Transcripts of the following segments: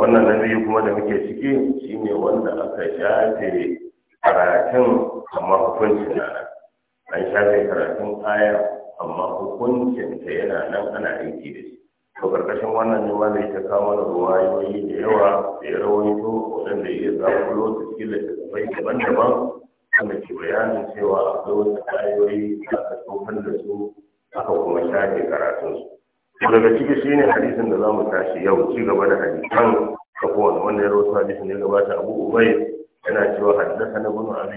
wannan na biyu kuma da muke ciki shine wanda aka shafe karatun amma hukuncin na nan an shafe karatun aya amma hukuncin ta yana nan ana aiki da shi to karkashin wannan ne malai ta mana ruwayoyi da yawa da ya rawaito waɗanda ya zaɓulo ta cikin littattafai daban-daban wanda ke bayanin cewa akwai wasu ayoyi da aka tsofan da su aka kuma shafe karatunsu daga ciki shine hadisin da za mu tashi yau ci gaba da hadisan kafon wanda ya rawaito hadisin ya gabata Abu Ubay yana cewa haddathana ibn Abi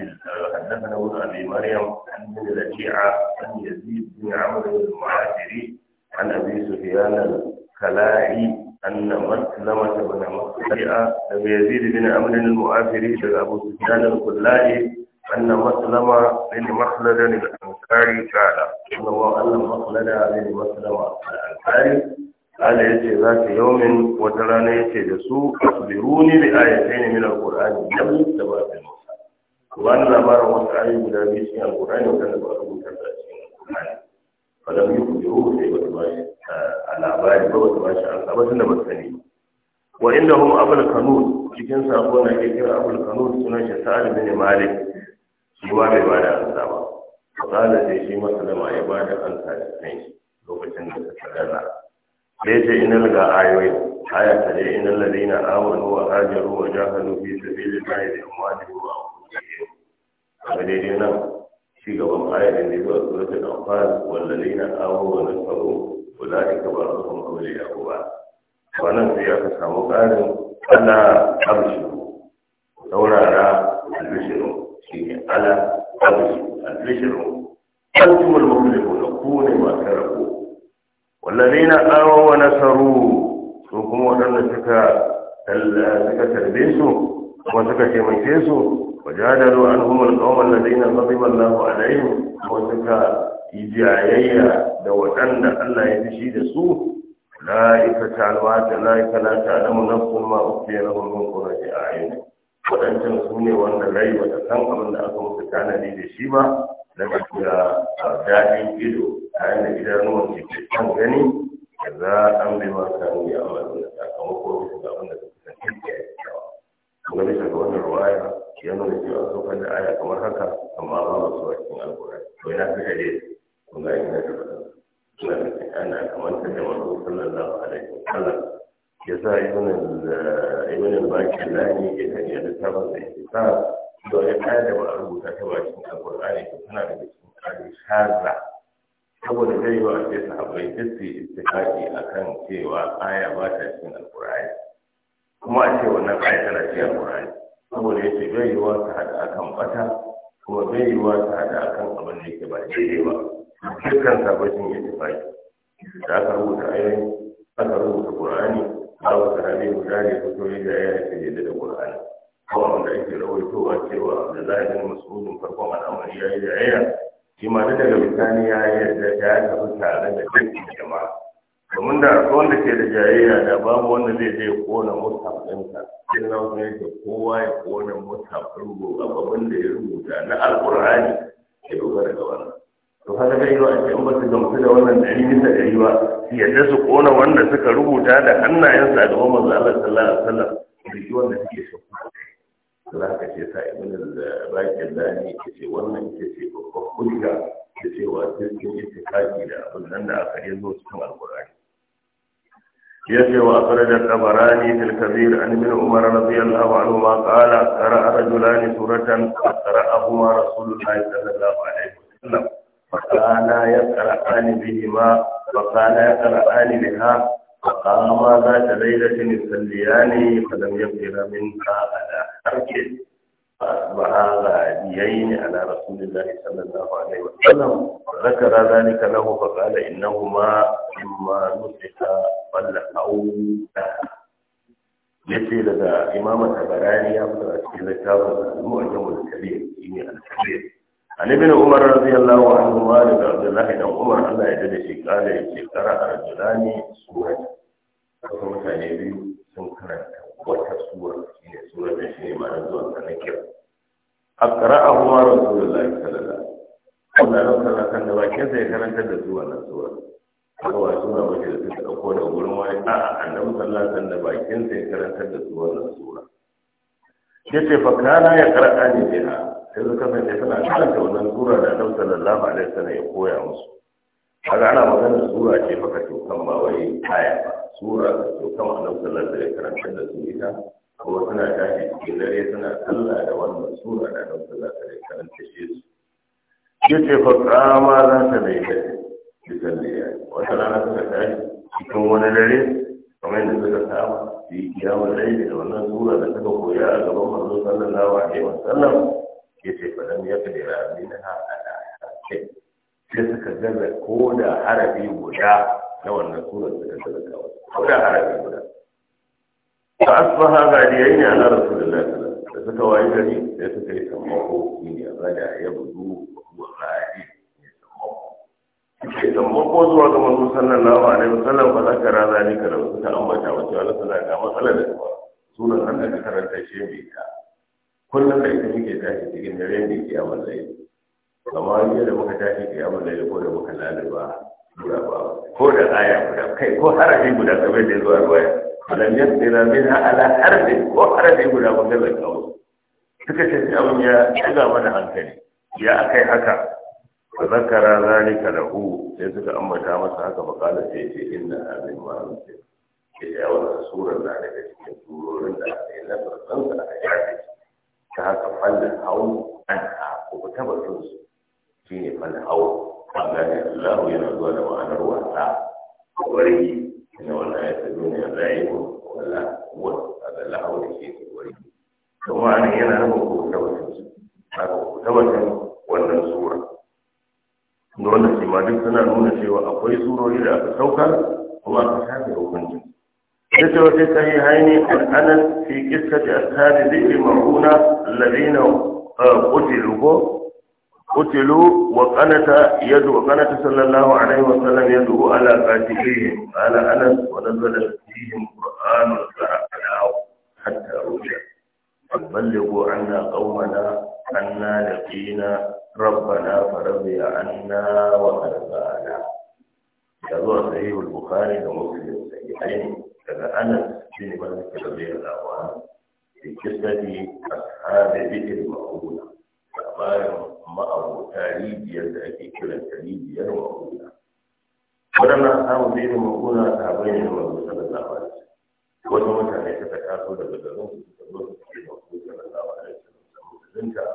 haddathana ibn Abi Maryam an bin Rabi'a an Yazid bin Amr bin Mu'athiri an Abi Sufyan al-Kala'i أن مسلمة بن مسلمة أبي يزيد بن أمر المؤافري أبو سفيان الكلائي أن مسلم بن مخلد الأنصاري قال أن أن مخلد بن مسلم الأنصاري قال يجي ذات يوم وترانا يجي دسو أخبروني بآيتين من القرآن يبني سبا في المصحف وأن الأمر وسعي بلا من القرآن وكان بأخبر من القرآن فلم يخبروه في وتباشي على بالي وتباشي على أبدا ما سنين وإنهم أبو القانون cikin sako na ke kira abul kanun sunan shi ruwa bai ba da ansa ba fasala sai shi masalama ya ba da ansa da kai lokacin da suka gaza sai ce inal ga ayoyi aya ta dai inal ladina amanu wa hajaru wa jahadu fi sabilillahi bi amwalihim wa anfusihim dai-dai nan shi gaban ayar da zuwa suratul anfal wal ladina amanu wa nasaru ulaika ba'dhum awliya'u Ba wannan sai aka samu ƙarin ana abshiru saurara albishiru shine ala abu al-bishru antum al-muflihun ku ne masu rabo wallazina awaw wa nasaru su kuma waɗanda suka suka tarbe su kuma suka taimake su wajadalu anhum al-qawm allazina ghadiba Allahu alaihim kuma suka yi da waɗanda Allah ya fishi da su la'ika ta'alwa ta la'ika la ta'lamu nafsun ma ukhfiya lahum min qurrati a'yun waɗancan su ne wanda rai wata san abin da aka musu tanadi da shi ba na tafiya a daɗin ido kayan da idanuwan su ke kan gani da za a mai ma samu ya amalu da sakamako da ga abin da suka san ke kyakkyawa kuma bisa ga wannan ruwaya ya nuna cewa sun da aya kamar haka amma ba ba su a cikin alkurani to ina fi da dai kun ga yana da faɗa Ina da ana kamar ta da manzo sallallahu alaihi wasallam ya sa imanin eh, bakin lani ya kan yi littafin da ya sa to ya kaya da ba a rubuta ta bakin alkur'ani ko suna da cikin tsari shaza saboda zai ba a ce sahabbai duk istikaki a kan cewa aya ba ta cikin alkur'ani kuma a ce wannan aya tana cikin alkur'ani saboda ya ce yi wa ta hada a kan bata kuma zai yi wa ta hada a kan abin da yake ba daidai ba dukkan sabashin ya tafi da aka rubuta ayoyi aka rubuta qur'ani babu sahabi guda ne ko kuma da ya yake yadda da Qur'ani ko wanda yake a cewa Abdullahi bin Mas'ud farkon al'amari ya yi da yaya shi ma da daga bisani ya yadda ya ta tare da dukkan jama'a domin da akwai wanda ke da jayayya da babu wanda zai je kona mutaf ɗinka in na wasu yake kowa ya kona mutaf rubuta babban da ya rubuta na alƙur'ani ya dogara ga wannan to haka ga yiwa ake ba su gamsu da wannan dari bisa dari ba su yadda su kona wanda suka rubuta da hannayensa a gaban manzo Allah sallallahu alaihi wasallam da shi wanda suke shakku Allah ka ce sa ibn al-Baqir dani ke ce wannan ke ce babban hujja da cewa cikin ittifaqi da abin nan da aka yi zo cikin alqur'ani يجي وأخرج الطبراني في الكبير عن ابن عمر رضي الله عنهما قال قرأ رجلان سورة قرأهما رسول الله صلى الله عليه وسلم فكانا يقرأان بهما فكانا يقرأان بها فقام ذات ليلة يصليان فلم يقر منها على حركه فأصبح غاديين على رسول الله صلى الله عليه وسلم ذكر ذلك له فقال إنهما مما نسخ فلحوا لها yace daga imama tabarani ya fito a cikin littafin al-mu'jamul kabir shine al-kabir an ibn umar radiyallahu anhu wa daga abdullah ibn umar Allah ya dade shi kala ya ce kara arjulani surat wasu mutane biyu sun karanta wata sura ne sura da shi ne zuwan zuwa na kira akra'ahu ma rasulullahi sallallahu alaihi Allah ya kan da bakin sa ya karanta da zuwa na sura wa sura wace da suka dauko da gurin wani a annabi sallallahu alaihi wasallam bakin sa ya karanta da zuwa na sura yace fa kana ya qara'a ne biha yanzu su kasance suna karanta wannan sura da annabi sallallahu alaihi wasallam ya koya musu kaga ana magana sura ce fa ka tokan ba wai kaya ba sura ka tokan annabi sallallahu alaihi wasallam karanta da su ita kuma suna tashi cikin dare suna sallah da wannan sura da annabi sallallahu alaihi wasallam karanta shi su yace fa kama za ta mai da cikin dare wata rana suka tashi cikin wani dare kamar yadda suka saba su yi kiyawar dare da wannan sura da suka koya a gaban manzon sallallahu alaihi wasallam ya ce ba zan yaka da rami na ha'ada sai suka gaza ko da harafi guda na wannan surar suka ta kawai ko da harafi guda ta asbaha gadiyain ala rasulillahi sallallahu alaihi wasallam da suka waye gari sai suka yi tambako ni sammako ba da ya budu wa gadi sai sammako zuwa ga manzo sallallahu alaihi wasallam ba raza ni ka da suka ambata wa ta'ala sallallahu alaihi wasallam sunan annabi karanta shi mai ta kullum da ita muke tashi cikin dare ne ke yawon laili amma yau da muka tashi ke yawon laili ko da muka lalaba guda ba ko da aya guda kai ko harafi guda kame da zuwa baya alam yasira min ala harfi ko harafi guda mun ga zaka wasu suka ce abin ya shiga mana hankali ya akai haka fa zakara zalika lahu sai suka ambata masa haka bakala sai ce inna amin ma ya wannan surar na daga cikin suro fallan hau an a ku fita su shi ne fallan hau an gane Allahu yana zuwa da ma'anar wasa wargi ina wannan ya tabi ne Allah yi wala wa kaga lahu da shi ne wargi to ma'ana yana nufin ku fita su haka ku fita wannan sura da shi ma duk suna nuna cewa akwai surori da aka saukar وفي الصحيحين عن انس في قصه اصحاب ذئب مرونه الذين قتلوا قتلوا وقنت يد وقنت صلى الله عليه وسلم يده على قاتليهم قال انس ونزل فيهم قران فاقلعوا حتى رجع فبلغوا عنا قومنا انا لقينا ربنا فرضي عنا وارضانا يروى صحيح البخاري ومسلم الصحيحين daga anas bin malik radiyallahu anhu fi kisati ashabi bi'r ma'una labarin ma'abota rijiyar da ake kiran ta rijiyar ma'una waɗannan ashabu bi'r ma'una sahabbai ne mai musa da labari wasu mutane suka taso daga garin su suka zo su ce da musa da labari sun musulunta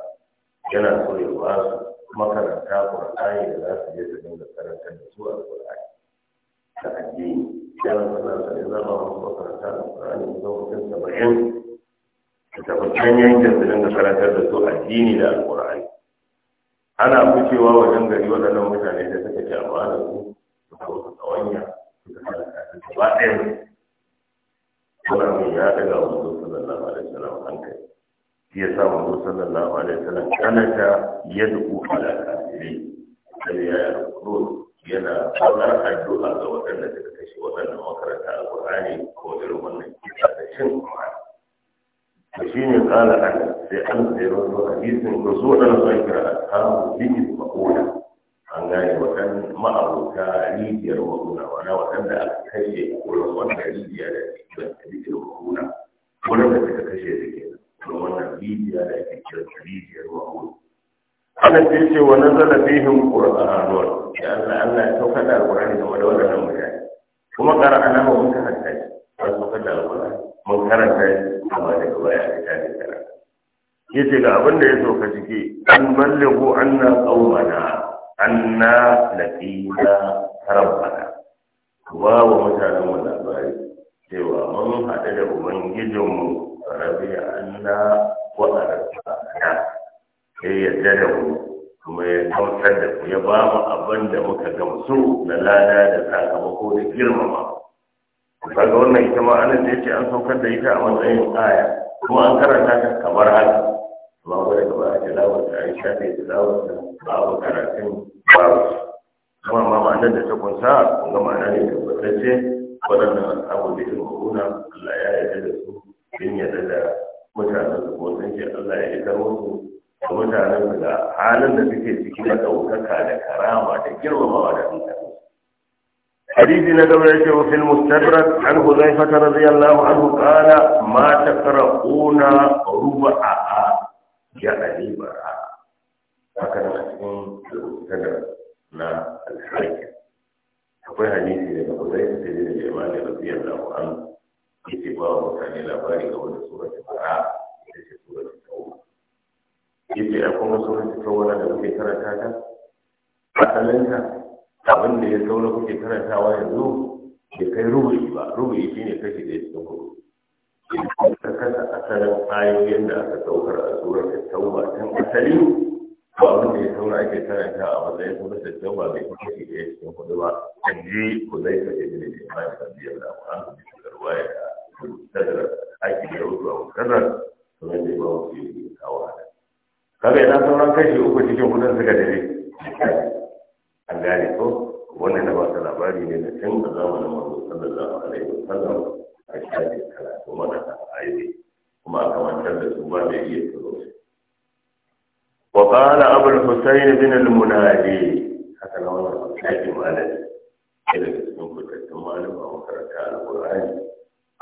yana so ya ba su makaranta ƙur'ani da za su je su da kusan saba'in da tafi can yankin su dinga karantar da su addini da alƙur'ani ana ficewa wajen gari waɗannan mutane da suka ci amana su suka wasu tsawanya suka halaka su gaba ɗaya Kur'ani ya daga wanzu sallallahu alaihi wasallam hankali shi ya sa wanzu sallallahu alaihi wasallam kanata yadda ala kafirai sai ya yi alƙur'ani yana kaunar addu'a ga waɗanda suka kashe waɗannan makaranta a Qur'ani ko irin wannan kisa da shin Qur'ani to shine kala ana sai an zai rawo hadisin ko zuwa da zakira ashabu bihi maqula an gane waɗannan ma'abuta rijiyar ma'una wana waɗanda aka kashe wurin wannan rijiya da ke rijiyar ma'una wurin da suka kashe su ke wurin wannan rijiya da ke rijiyar ma'una Allah ya ce wa nazala bihim qur'anun ya Allah Allah ya saukar da alqur'ani ga wanda wannan mutane kuma qara'ana wa mun karanta shi an saukar da alqur'ani mun karanta shi amma daga baya ya ta ne karanta yace ga abin da ya sauka ciki an ballahu anna qawmana anna laqina rabbana wa wa mutanen mu labari cewa mun haɗu da ubangijinmu rabbi anna wa arsalna ya yarda da mu kuma ya kautar da ku. ya ba mu abin da muka gamsu na lada da sakamako da girmama Kusa ga wannan ita ma anan da yake an saukar da ita a matsayin aya kuma an karanta ta kamar haka amma wani gaba a tilawar da an shafe tilawar da babu karatun babu kuma ma ma'anar da ta kunsa kun ga ma'ana ne tabbatacce waɗannan abu da irin kuna Allah ya yarda da su sun yarda da mutanen su ko sun ce Allah ya yarda musu da mutanen da halin da suke ciki na ɗaukaka da karama da girmamawa da mutane حديث نبوي في المستدرك عن حذيفة رضي الله عنه قال ما تقرؤون ربعها يعني براء هكذا مسكين المستدرك لا الحركة akwai hadisi daga Hudayfa da da Jamal radiyallahu anhu yace ba wa mutane labari ga wani suratul Bara ita ce yake a kuma sauran fitowa da kuke karanta ta asalinta abin da ya saura kuke karantawa yanzu ya kai rubu'i ba rubu'i shi ne kashi ɗaya cikin kudu ta kasa asalin ayoyin da aka saukar a tsoron tattauba tun asali ba abin da ya saura ake karanta a matsayin da tattauba bai mai kashi ɗaya cikin kudu ba in ji ku zai kashe ne da imani biyar da an su bisa garwaya da tattara ake da rubuwa mutarar kamar da ba mu yi kawo kaga idan sauran kashi uku cikin hudun suka dare an gane ko wannan da ba ta labari ne da can da zamanin manzo sallallahu alaihi wasallam a shafi karatu mana ayi kuma a kamantar da su ba mai iya tsoro wa qala abul husayn bin al munadi haka na wannan shafi malami da cikin fitattun malama makaranta al-qur'ani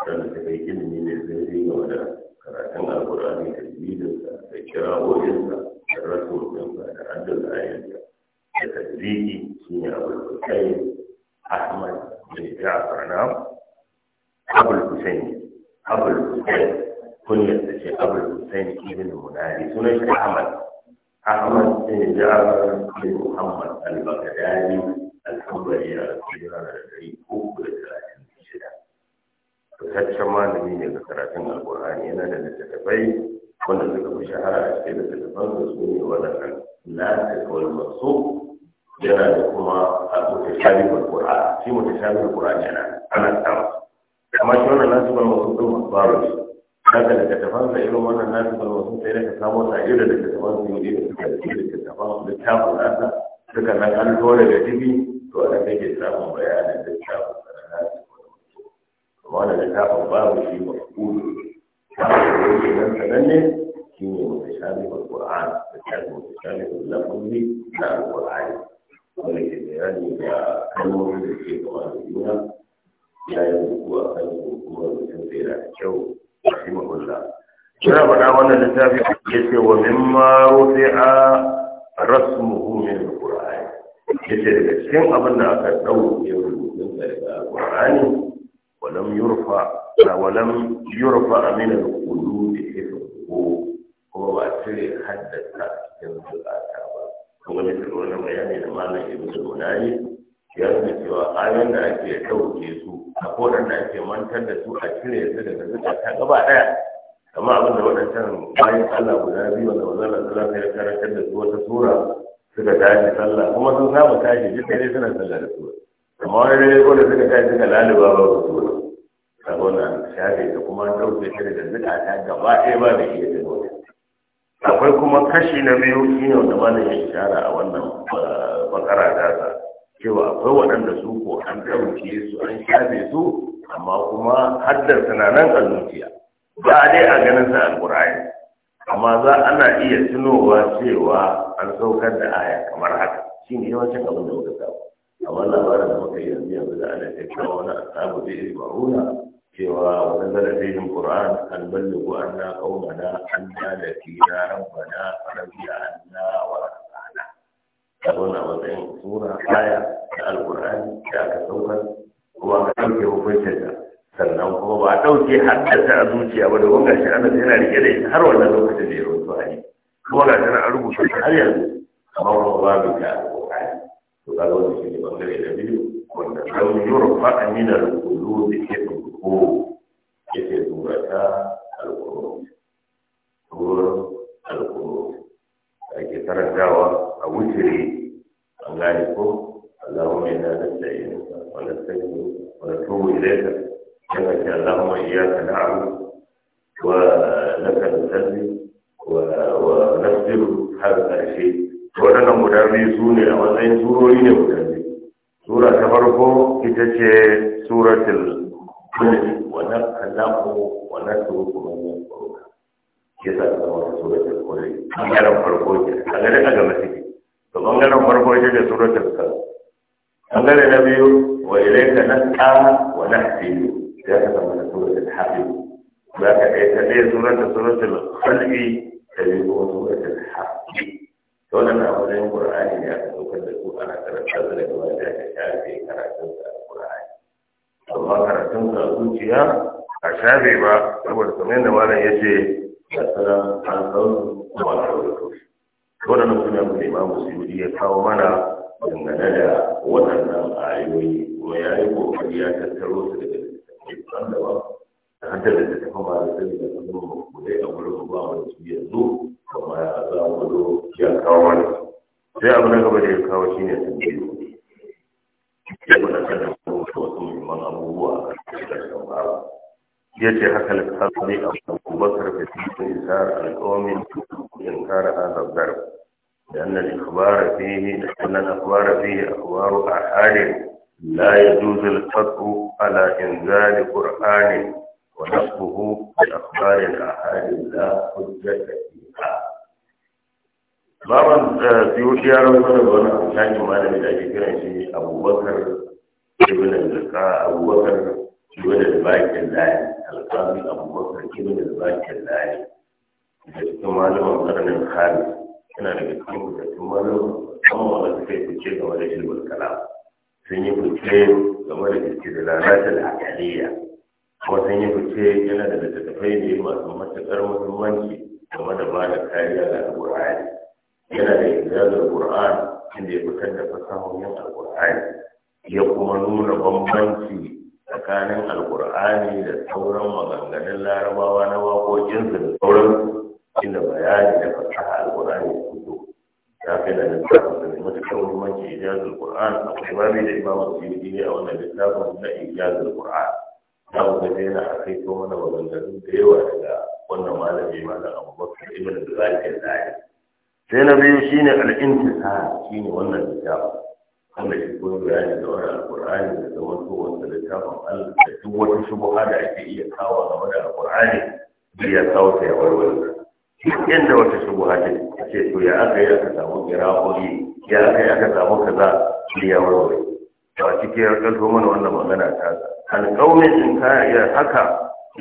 da ta yi ilimi ne zai yi game da karatun alkur'ani da jibinsa da kira'o'insa da rasulunsa da hajjar ayyansa da tasiriki shi ne abul hussein ahmad bin ja'far na abul hussein abul hussein kunyar da ce abul hussein ibn munari sunan shi ahmad ahmad bin ja'far bin muhammad al-baghdadi al-hanbali a cikin ranar da uku da fitaccen malami ne ga karatun alkur'ani yana da littattafai wanda suka fi shahara a cikin littattafan da su ne waɗannan lafiya kawai masu yana da kuma a tsoke shalifar ƙura'a shi mutu shalifar ƙura'a yana ana samu amma shi wannan nasu ban masu ɗin masu baro ne haka da littattafan sa irin wannan nasu ban masu sai da ka samu sa irin da littattafan su yi da suka da littattafan su littafin nasa suka nan an tona da tibi to a nan kake samun bayanin littafin وانا لك اخبار في مفقود من تبني كيني متشابه القران الكتاب المتشابه اللفظ لا هو العين ولكن يعني كان موجود في القران الدنيا لا يملكها ان موجود في سيره الجو رحمه الله كما بدا وانا لتابع هو ومما رفع رسمه من القران يسير لكن ابدا اكثر من القران ولم يرفع ولم يرفع من القلوب حفظه kuma ba a cire haddasa cikin zukata ba kuma wani wannan bayani da malam ibnu munani ya nuna cewa ayoyin da ake ɗauke su a kodan da ake mantar da su a cire su daga zukata gaba ɗaya amma abin da waɗancan bayan Allah guda biyu wanda manzon Allah sallallahu alaihi karantar da su wata sura suka tashi sallah kuma sun samu tashi duk dai suna sallah da sura amma wani dai ko suka kai suka laluba ba su tura sabon shafe ta kuma an ɗauke ta da zuka ta gaba ɗaya ba da iya ta nuna akwai kuma kashi na biyu shi ne wanda ma ya ishara a wannan eh, bakara sa, cewa akwai waɗanda su ko an ɗauke su an shafe su amma kuma haddar suna nan a zuciya ba dai a ganin sa alƙur'ani amma za ana iya tunowa cewa an saukar da aya kamar haka ne yawancin abin da muka samu a wani labarin da muka yi yanzu yanzu da ana kyakkyawa wani asabu da iri ma'una cewa wani zarafin qur'an an ballagu an na kaumana an na da tira rabbana rabbiya an na wa rabbana a wannan matsayin sura aya da alqur'ani da aka saukar kuma ka ɗauke hukuncin da sannan kuma ba a ɗauke haddasa a zuciya ba da kuma shi ana yana rike da ita har wannan lokacin da ya rubuta ne kuma ga shi an rubuta har yanzu amma wani babu ta to ga wannan shi ne bangare na biyu wanda kan yurfa min al-qulub hibbu yake durata al-qulub al-qulub ake karantawa a wutiri an gane ko Allahumma inna nasta'inuka wa nastaghfiruka wa natubu ilayka kama ta Allahumma iyyaka na'budu wa laka nasta'iin wa wa nastaghfiruka hadha al-shay' waɗannan guda biyu su ne a matsayin surori ne guda biyu sura ta farko ita ce suratul mulk wa nakalaku wa nasruku man ke sa ta zama suratul mulk bangaren farko ke a gare a gaba take to bangaren farko ita ce suratul kal bangare na biyu wa ilayka nas'a wa nahsilu ya ka zama suratul hafiz ba ka ɗaya ta ɗaya suratul suratul khalqi da biyu kuma suratul hafiz to wannan abu ne qur'ani ne aka daukar da su ana karanta da daga wanda aka shafe karatun sa qur'ani amma karatun sa zuciya a shafe ba saboda kamar yadda malam ya ce da sanan an kawo kuma a kawo wannan suna da imamu suyudi ya kawo mana dangane da waɗannan ayoyi kuma ya yi ƙoƙari, ya tattaro su daga littattafan da ba da hantar da ta tafi ma da sani da sanin mu dai a wurin ba mu su yanzu kuma ya gudu ya kawo mana sai abu na gaba da ya kawo shine tambayo ya gudu da da wasu muhimman abubuwa a ƙarshen ba ya ce haka lissafi a abubakar da cikin isar alƙawamin in kara hazar zarf لأن الإخبار فيه لأن الأخبار فيه أخبار أحاد لا يجوز القطع على إنزال قرآن ونصبه بأخبار أحاد لا حجة فيه Baban eh, shi ya rasu da wani shakin malami da ake kiran shi Abubakar Ibn Zaka Abubakar Ibn Zakin Lani Alƙalmi Abubakar Ibn Zakin Lani da cikin malaman ƙarnin Khalid yana daga cikin fitattun malaman kuma wanda suka yi fice game da ilmin kalam sun yi fice game da lalata da akaliya kuma sun yi fice yana da littattafai masu matuƙar muhimmanci game da ba da kariya ga alƙur'ani yana da ijazar alƙur'ani inda ya fitar da fasahohin alƙur'ani ya kuma nuna bambanci tsakanin alƙur'ani da sauran maganganun larabawa na su da sauran inda bayani da fasaha alƙur'ani ya fito ya fi da littafin da ne matuƙar muhimmanci ijazar Alƙur'an, akwai mai da su yi a wannan littafin na ijazar Alƙur'an, za mu ga yana a kai mana maganganun da yawa daga wannan malami malam bakar ibn zakir dai sai na biyu shine al-intisa shine wannan littafin wanda shi ko bayani da wannan alqur'ani da zaman to wannan littafin Allah da duk wata shubha da ake iya kawo game da alqur'ani ya kawo ta warware inda wata shubha ce ce to ya aka yi aka samu kira'o'i ya aka yi aka samu kaza ya warware to a cikin ya kanto mana wannan magana ta alƙawmin in ka haka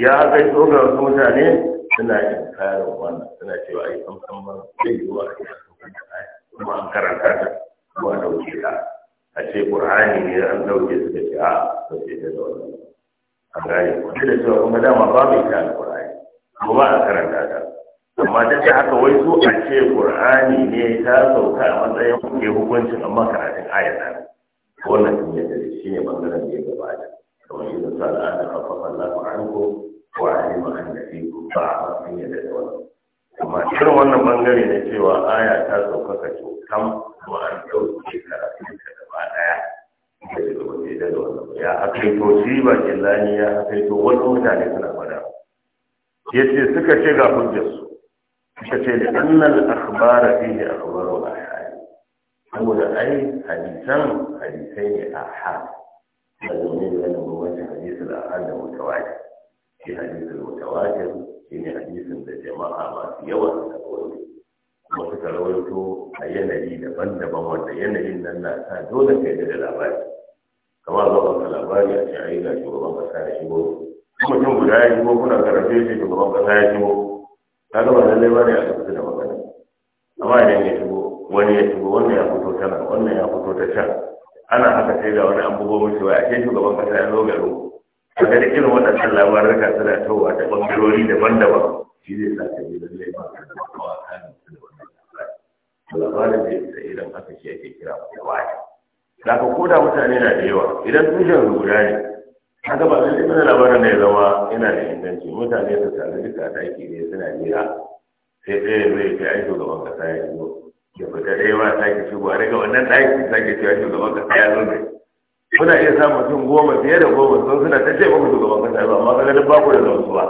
ya aka yi so wasu mutane suna karin wannan suna cewa ai an san ba zai yi wa a cikin kuma an karanta ta kuma a ɗauke ta a ce ƙur'ani ne an ɗauke su da ce a ɗauke ta da wannan an gane ko da cewa kuma dama ba mai ta alƙur'ani kuma an karanta ta amma ta ce haka wai su a ce ƙur'ani ne ta sauka a matsayin kuke hukuncin amma karatun ayata wannan sun yadda shi ne bangaren da ya gabata kamar yadda sa'ala an da kafafa lafa an ko wa alima annabiku ba a sun yadda da wannan amma irin wannan bangare na cewa aya ta saukaka kyautan kuma an ɗauke karatunta gaba ɗaya da shi gaba ke da wannan ya akaito shi ba killani ya akaito wasu mutane suna fada ya ce suka ce ga hujjarsu suka ce da annal akhbara fihi akhbaru ahadi saboda ai hadisan hadisai ne ahad da domin yana bambancin hadisul ahad da mutawajjih shi hadisin mutawatir shi ne hadisin da jama'a masu yawa suka rawaito kuma suka rawaito a yanayi daban-daban wanda yanayin nan na sa dole ka yi da labari kamar ba ka a ce ai shugaban kasa ya shigo mutum guda ya shigo kuna karfe shi shugaban kasa ya shigo ka ga ba ba ne a ya shigo wani ya shigo wannan ya fito nan, wannan ya fito ta can ana haka sai da wani an bugo mishi wai a shugaban kasa ya zo garin a ga da irin waɗannan labarurka suna tawa da ɓangarori daban-daban shi zai sa ka yi lallai ba ka da kawa kanin su da wannan labarin da ya isa irin haka shi ake kira da waya da ka koda mutane na da yawa idan tushen guda ne haka ba zai mana labarin da ya zama yana da inganci mutane su taru duka da ake ne suna jira sai ɗaya zai ce ai shugaban kasa ya zo ya fita ɗaya ma sake shigowa daga wannan ɗaki sake cewa shugaban kasa ya zo ne kuna iya sa mutum goma fiye da goma sun suna ta ce muku shugaban kasa ba amma kaga duk ba da da ba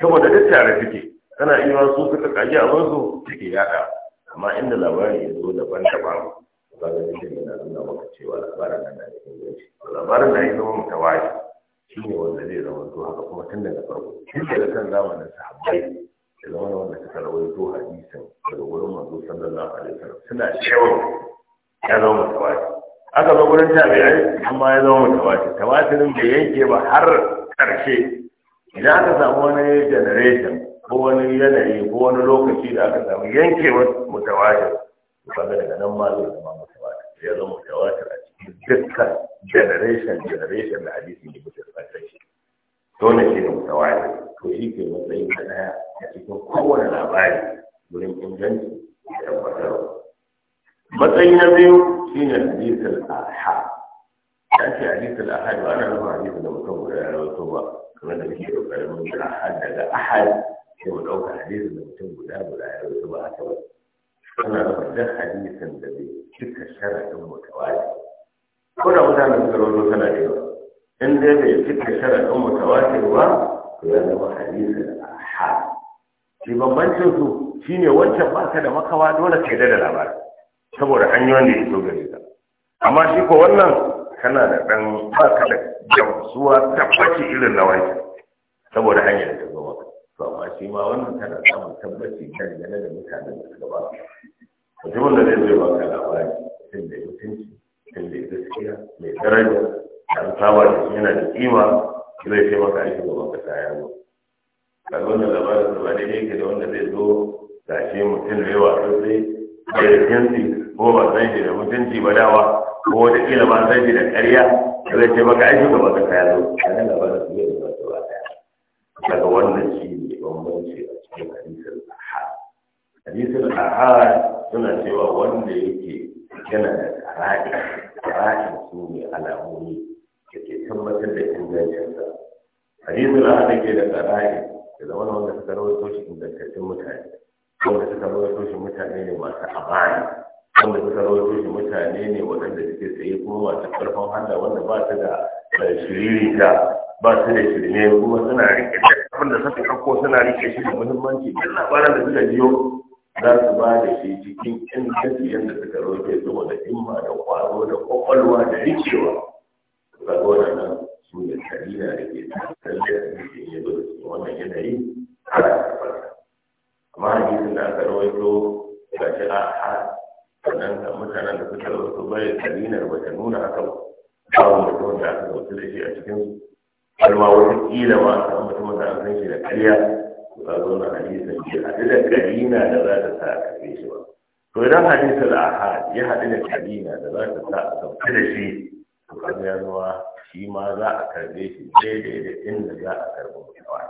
saboda duk tare suke kana iya su suka kaji a wasu suke yada amma inda labari ya zo daban daban ba ga duk yana nuna maka cewa labarin nan da cikin gaci labarin na ya zama waye shi ne wanda zai zama to haka kuma tun daga farko tun daga kan zamanin sahabbai da zama wanda suka rawaito hadisin daga wurin manzo sallallahu alaihi wasallam suna cewa ya zama waye aka zo gurin tabi'ai amma ya zama mutawatir tawatirin bai yanke ba har karshe idan aka samu wani generation ko wani yanayi ko wani lokaci da aka samu yankewar mutawatir kaga daga nan ma zai zama mutawatir ya zama mutawatir a cikin dukkan generation generation da hadisi ne mutum tsakai shi to ne shi ne mutawatir to shi ke matsayin da daya a cikin kowane labari wurin inganci da tabbatarwa matsayi na biyu shine hadisul ahad ya ce hadisul ahad ba ana nufin hadisi da mutum guda ya rawaito ba kamar da muke kokarin mun kira ahad daga ahad sai mu ɗauka hadisi da mutum guda guda ya rawaito ba haka ba ana nufin duk hadisin da bai cika sharaɗin mutawali ko da mutanen suka rawaito tana da yawa in dai bai cika sharaɗin mutawatir ba to ya zama hadisul ahad shi bambancin su shine wancan baka da makawa dole ka yi da labarin saboda hanyoyin da ya zo gare ta amma shi ko wannan kana da ɗan ba ka da gamsuwa tabbaci irin na wancan saboda hanyar da ta zo maka to amma shi ma wannan tana samun tabbaci kan gane da mutanen da suka ba mutumin da zai zo ba ka labari mutum da mutunci mutum da gaskiya mai daraja an saba da shi yana da kima zai sai maka aiki gaban kasa ya zo kaga wannan labarin da ba daidai yake da wanda zai zo shi mutum da yawa sosai da jinsi ko ba san shi da mutunci ba dawa ko wata kila ba zai shi da ƙarya Kada ce maka aiki gaba ka kaya zo a nan gaba da su yi da ba daya daga wannan shi ne bambanci a cikin hadisin ahad hadisin ahad suna cewa wanda yake yana da tsara'i tsara'i su ne alamomi da ke tabbatar da ingancinsa hadisin ahad ke da tsara'i da zama wanda suka rawaito shi ingantaccen mutane wanda suka rawaito shi mutane ne masu amani wanda suka rawaito shi mutane ne waɗanda suke tsaye kuma masu ƙarfin hannu wanda ba su da shiririta ba su da shirme kuma suna rike da abin da suka ɗauko suna rike shi da muhimmanci duk labaran da suka biyo za su ba da shi cikin inganci yadda suka rawaito saboda himma da ƙwaro da ƙwaƙwalwa da rikewa da nan su ne shari'a da ke tattalin da ke yi wannan yanayi har a amma hadisin da aka rawaito ga shi a har sannan mutanen da suka rawaito bai kalinar ba nuna haka babu mutum da aka rawaito da shi a cikin har ma wata kila ma aka san mutum da an san shi da karya ba zo na hadisin shi a da kalina da za ta sa a karbe shi ba to idan hadisin ahad ya haɗu da kalina da za ta sa a sauke da shi to kan ya zuwa shi ma za a karbe shi daidai da inda za a karbi mutuwa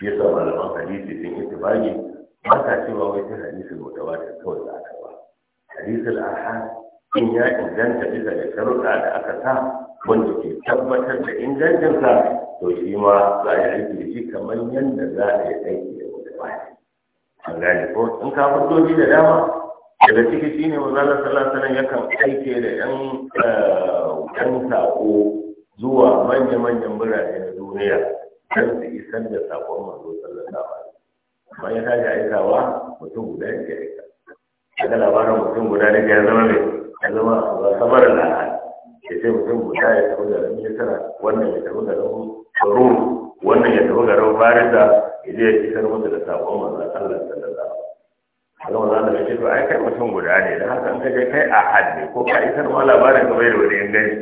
shi yasa malaman hadisi sun yi tibagi ba ta cewa wai ta sai hadisin ta kawai za ta ba hadisi al'aha in ya inganta bisa da sharuɗa da aka sa wanda ke tabbatar da ingancinsa to shi ma za a yi aiki da shi kamar yadda za a yi aiki da mutawatir an gane ko in ka fito da dama daga ciki shi ne manzana salasalan yakan aike da yan eh, sako zuwa manya-manyan birane na duniya don su isar da sakon manzo sallallahu alaihi amma ya tashi aikawa mutum guda ya ke aika daga labarin mutum guda ne ya zama mai ya zama a samar da ya ce mutum guda ya tafi da garin misira wannan ya tafi da garin rum wannan ya tafi da garin farisa ya je ya isar musu da sakon manzo sallallahu alaihi wani wanda da ce to ai kai mutum guda ne da haka an kaje kai a hadde ko ka isar ma labarin ka bai da wani inganci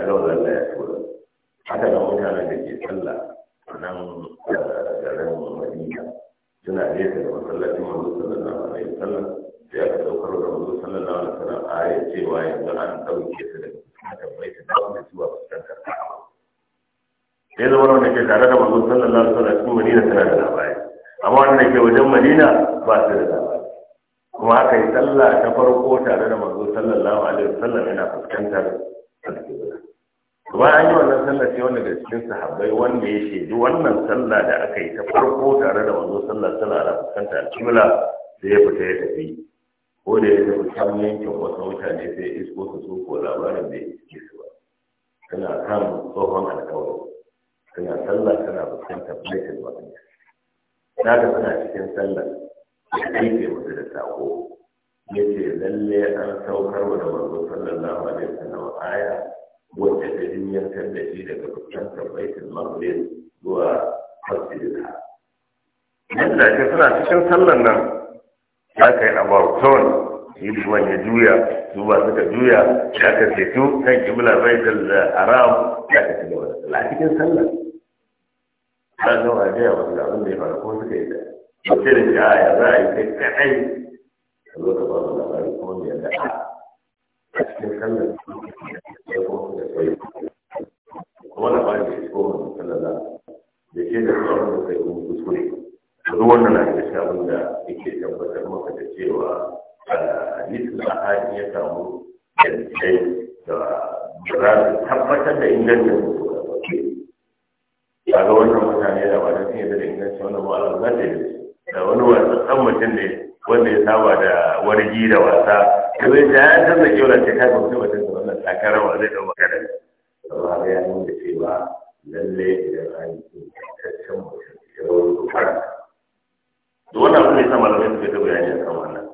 daga wanda ya tura haka da mutanen da ke sallah nan eh, garin madina suna nesa da masallacin manzo sallallahu alaihi wasallam sai aka daukar da manzo sallallahu alaihi wasallam aya cewa yanzu an dauke su daga fuskantar baiti da wanda zuwa fuskantar ka'aba sai zama wanda ke tare da manzo sallallahu alaihi wasallam cikin madina tana da labari amma wanda ke wajen madina ba su da labari kuma haka yi sallah ta farko tare da manzo sallallahu alaihi wasallam yana fuskantar alƙibla ba an yi wannan sallah sai wanda daga cikin sahabbai wanda ya shaidu wannan sallah da aka yi ta farko tare da wanzo sallah sallah da fuskanta alƙibla da ya fita ya tafi ko da ya tafi kan yankin wasu mutane sai ya isko su su ko labarin da ya iske su ba tana kan tsohon alƙawari tana sallah tana fuskantar baitul maqdis na ga suna cikin sallah ya aike musu da sako ya ce lalle an saukar wa da wanzo sallallahu alaihi wasallam aya wacce ta jinyantar da shi daga fuskantar baitul maqdis zuwa masjidil haram yadda ke suna cikin sallan nan ya kai about ton shi liman ya juya su suka juya ya ka ceto kan kibla baitul haram ya ka cigaba da sallah cikin sallan ta zama a gaya wasu abin da ya fara ko suka yi da mutum da shi ya ya za a yi kai kaɗai a zo ka ba mu labari ko ne da a cikin sallan ya ko ce da cewa da kai mun kuskure duk wannan na da shawun da yake tabbatar maka da cewa hadisin ahadi ya samu yanzu da za su tabbatar da ingancin mutu da ga wannan mutane da ba da sun yadda da ingancin wannan ba a za yi da wani wasan mutum ne wanda ya saba da wargi da wasa da zai ta ya canza kyola ta kai ba mutum da wannan takarawa zai ɗau magana da ba ya nuna cewa lallai idan an yi haram wannan abin da ya malamai suka ta bayani akan wannan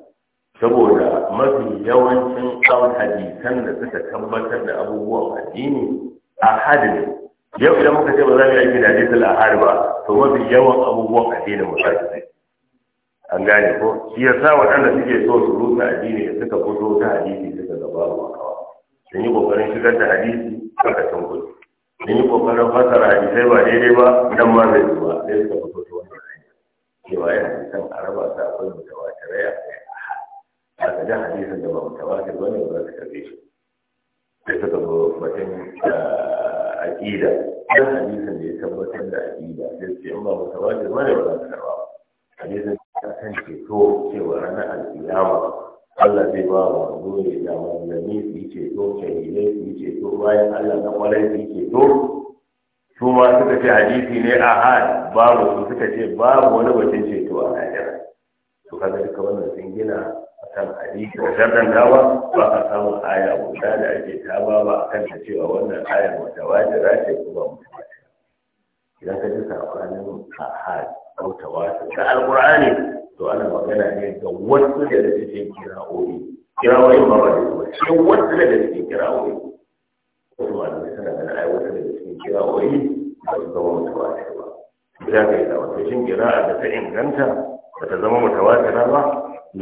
saboda mafi yawancin kawai hadisan da suka tabbatar da abubuwan addini a hadin yau idan muka ce ba za mu yi da da hadisul ahad ba to mafi yawan abubuwan addinin mu sai an gane ko shi yasa waɗanda suke so su rusa addini da suka fito ta hadisi suka gaba wa kawa sun yi kokarin shigar da hadisi suka tankuɗe mun yi kokarin fasara hadisai ba daidai ba dan ma bai zuwa sai suka fito ta wannan hanya cewa ya hadisan a raba ta akwai mutawatirai a kai a ga da hadisan da ba mutawatir bane ba za ka karbe shi sai suka zo batun eh, aqida dan hadisan da ya tabbatar da aqida sai su ce in ba mutawatir bane ba za ka karba hadisan ta kan ceto cewa ranar alkiyama Allah zai ba wa gure da wanzanni su yi ceto shahidai su yi ceto bayan Allah na kwarai su yi ceto su ma suka ce hadisi ne a had babu su suka ce babu wani batun ceto a lahira Su kaga duka wannan sun gina a kan hadisi da sharɗan dawa ba a samun aya guda da ake ta ba ba a kan ta cewa wannan aya mutawatira ce kuma mutawatira idan ka ji sabanin a had ko tawatur da alqur'ani to ana magana ne ga wasu da da suke kira'o'i kira'o'i ma ba da su ba sai wasu da suke kira'o'i wasu ma da suna ganin ai wasu da suke kira'o'i ba su zama mutawatir ba za ka yi da wata shin kira'a da ta inganta ba ta zama mutawatira ba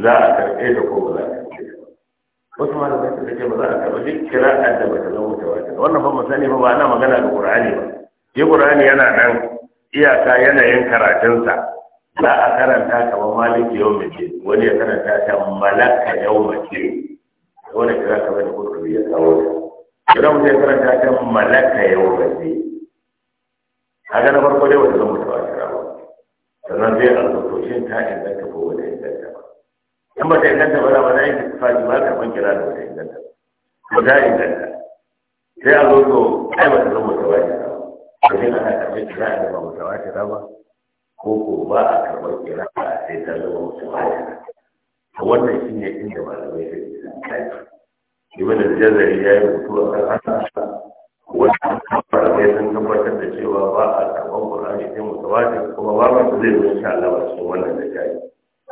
za a karɓe ta ko ba za a karɓe ta wasu ma da su ce ba za a karɓi duk kira'a da ba ta zama mutawatir wannan ba misali ba ba ana magana ga ƙur'ani ba shi ƙur'ani yana nan iyaka yanayin karatunsa za a karanta kamar maliki yau mace wani ya karanta ta malaka yau mace wani kira kamar da kurkuri ya kawo ta idan mutum ya karanta ta malaka yau mace kaga na farko dai wata zama tawa kira ba sannan zai a zato shin ta inganta ko wata inganta ba in ba ta inganta ba ba na yin tafaji ba karɓar kira da wata inganta ba ta inganta sai a zo to zama shin ana karɓar kira da ba mutawatira ba ko ko ba a karɓar kira sai ta zama mutawatira to wannan shi ne inda malamai da ke sun kai ibn al-jazari ya yi rubutu a kan haka wannan kafar ne sun tabbatar da cewa ba a karɓar qur'ani sai mutawatir kuma ba ba zai zo insha Allah ba cikin wannan da kai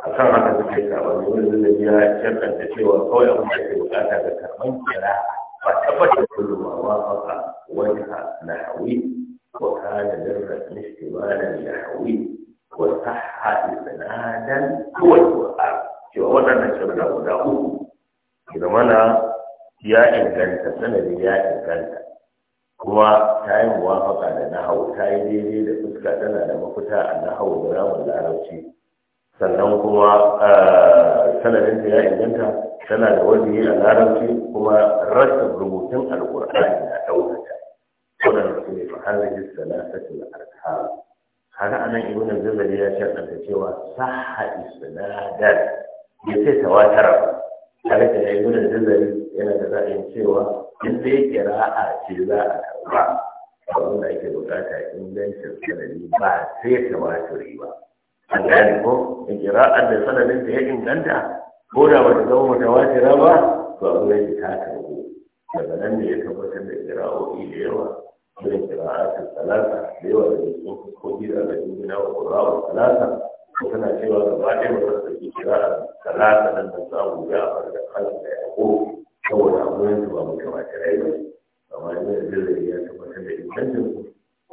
akan haka suke karɓar ibn al-jazari ya shakanta cewa kawai abin da ke bukata ga karɓar kira ba tabbatar da ruwa ba wani ha na hawi. وكان للرسم اشتمالا يحوي وصح إسنادا هو القرآن cewa waɗannan sharuɗa guda uku ya ya inganta sanadin ya inganta kuma ta yi muwafaka da nahawu ta yi daidai da fuska tana da mafita a nahawu da ramin larabci sannan kuma sanadin ya inganta tana da wajibi a larabci kuma rasa rubutun alƙur'ani na ɗauka ne fa halaji salasatul arham kaga anan ibn zubari ya sharɗanta cewa sahha isnadan ya sai tawatar kaga da ibn zubari yana da ra'ayin cewa in dai qira'a ce za a karba abin da ake bukata ingancin sanadi ba sai tawaturi ba an gane ko in qira'ar da sanadin da ya inganta ko da ba ta zama mutawatira ba to abin da ya ta karbo daga nan ne ya tabbatar da qira'o'i da yawa من القراءات الثلاثة ليوا للسوق الكبير الذي بنا وقراء الثلاثة وكان سوى الرابع وترتكي قراءة ثلاثة لن تنساه جعفر خلف يعقوب أول أمرين ومتواترين فما ينزل إلى ثم تبعي سنته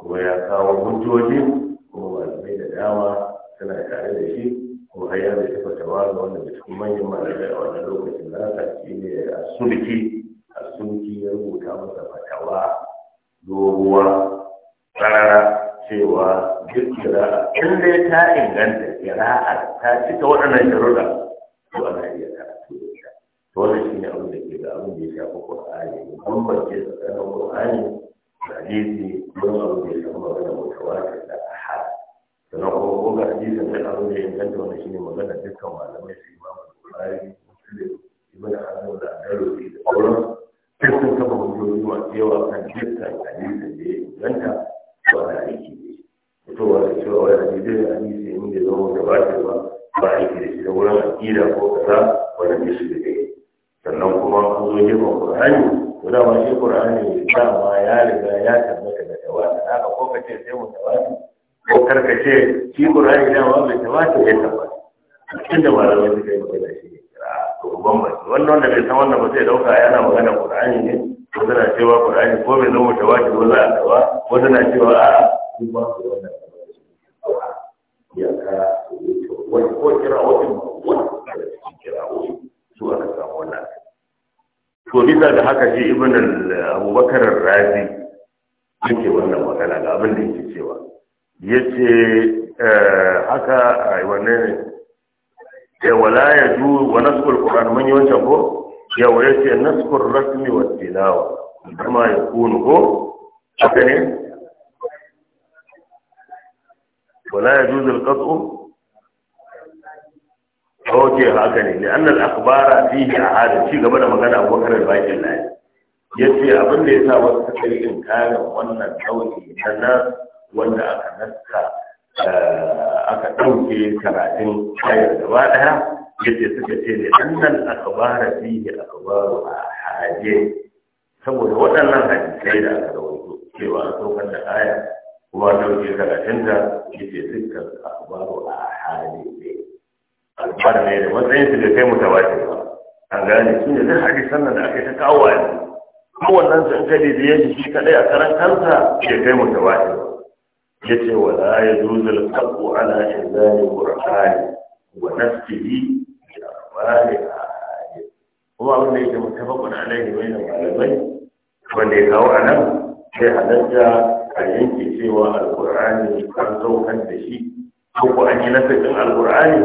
ويا كاو منتوجين kuma malamai da dama suna tare da shi ko har ya zai tafa tawaga wanda da cikin manyan malamai a wannan lokacin na haka shi ne a sulki a sulki ya rubuta masa fatawa doguwa tsara cewa duk kira'a in dai ta inganta kira'a ta cika waɗannan sharuɗa to ana iya karatu da ita to wannan shine abin da ke da abin da ya shafi Qur'ani bambance tsakanin Qur'ani da hadisi don abin da ya shafi magana mutawatir da ahad sannan kuma ko ga hadisin da abin da ya inganta wannan shine magana dukkan malamai su imamu Bukhari Muslim Ibn Hazm da Andalusi da sauransu sai sun kafa hujjoji masu yawa kan a hadisin da ya ba na aiki fitowa da cewa wani hadisi da hadisi inda ya zama da bashi ba ba aiki da shi da wurin aƙida ko kaza wani da su da kai sannan kuma an zo gefen ƙur'ani to dama shi ƙur'ani dama ya riga ya tabbata da tawata haka ko ka ce sai mu tawata ko karkace shi ƙur'ani da dama mai tawata ya tabbata cikin da malamai suka yi magana bambanci wannan wanda bai san wannan ba zai dauka yana magana qur'ani ne ko tana cewa qur'ani ko bai zama tawaji ko za a tawa ko tana cewa a ku ba ku wannan ya ka wani ko kira wani wani kira wani su aka samu wannan to bisa da haka shi ibn abubakar razi yake wannan magana ga abin da yake cewa yace eh, haka a wannan ya wala ya ju wa nasul qur'an mun yi wancan ko ya waya ce nasul rasmi wa tilawa kama ya kunu ko haka ne wala ya juzul qat'u oke haka ne lian al akhbara fihi ahad ci gaba da magana Abubakar kare bakin ne yace abin da yasa wasu suka yi wannan tauki na wanda aka naska Eh, aka ɗauke karatun ayar gaba ɗaya yadda suka ce ne annan akabara fiye akabaru a haje saboda waɗannan hadisai da aka rawaito cewa a saukar da aya kuma ɗauke karatun da yadda suka akabaru a haje ne alfar ne da matsayin su da kai mutawatir ba an gane su ne zai hadisan sannan da aka yi ta kawo a ne kowannen su in ka ya shi kaɗai a karan kansa ya kai mutawatir ba ya ce wa la ya zuzul haƙo ala izali qur'ani wa nafsihi bi amali kuma abin da yake mutafaqun alaihi bayna malamai wanda ya kawo anan sai halatta a yanke cewa alqur'ani an saukar da shi ko ko an yi nasakin alqur'ani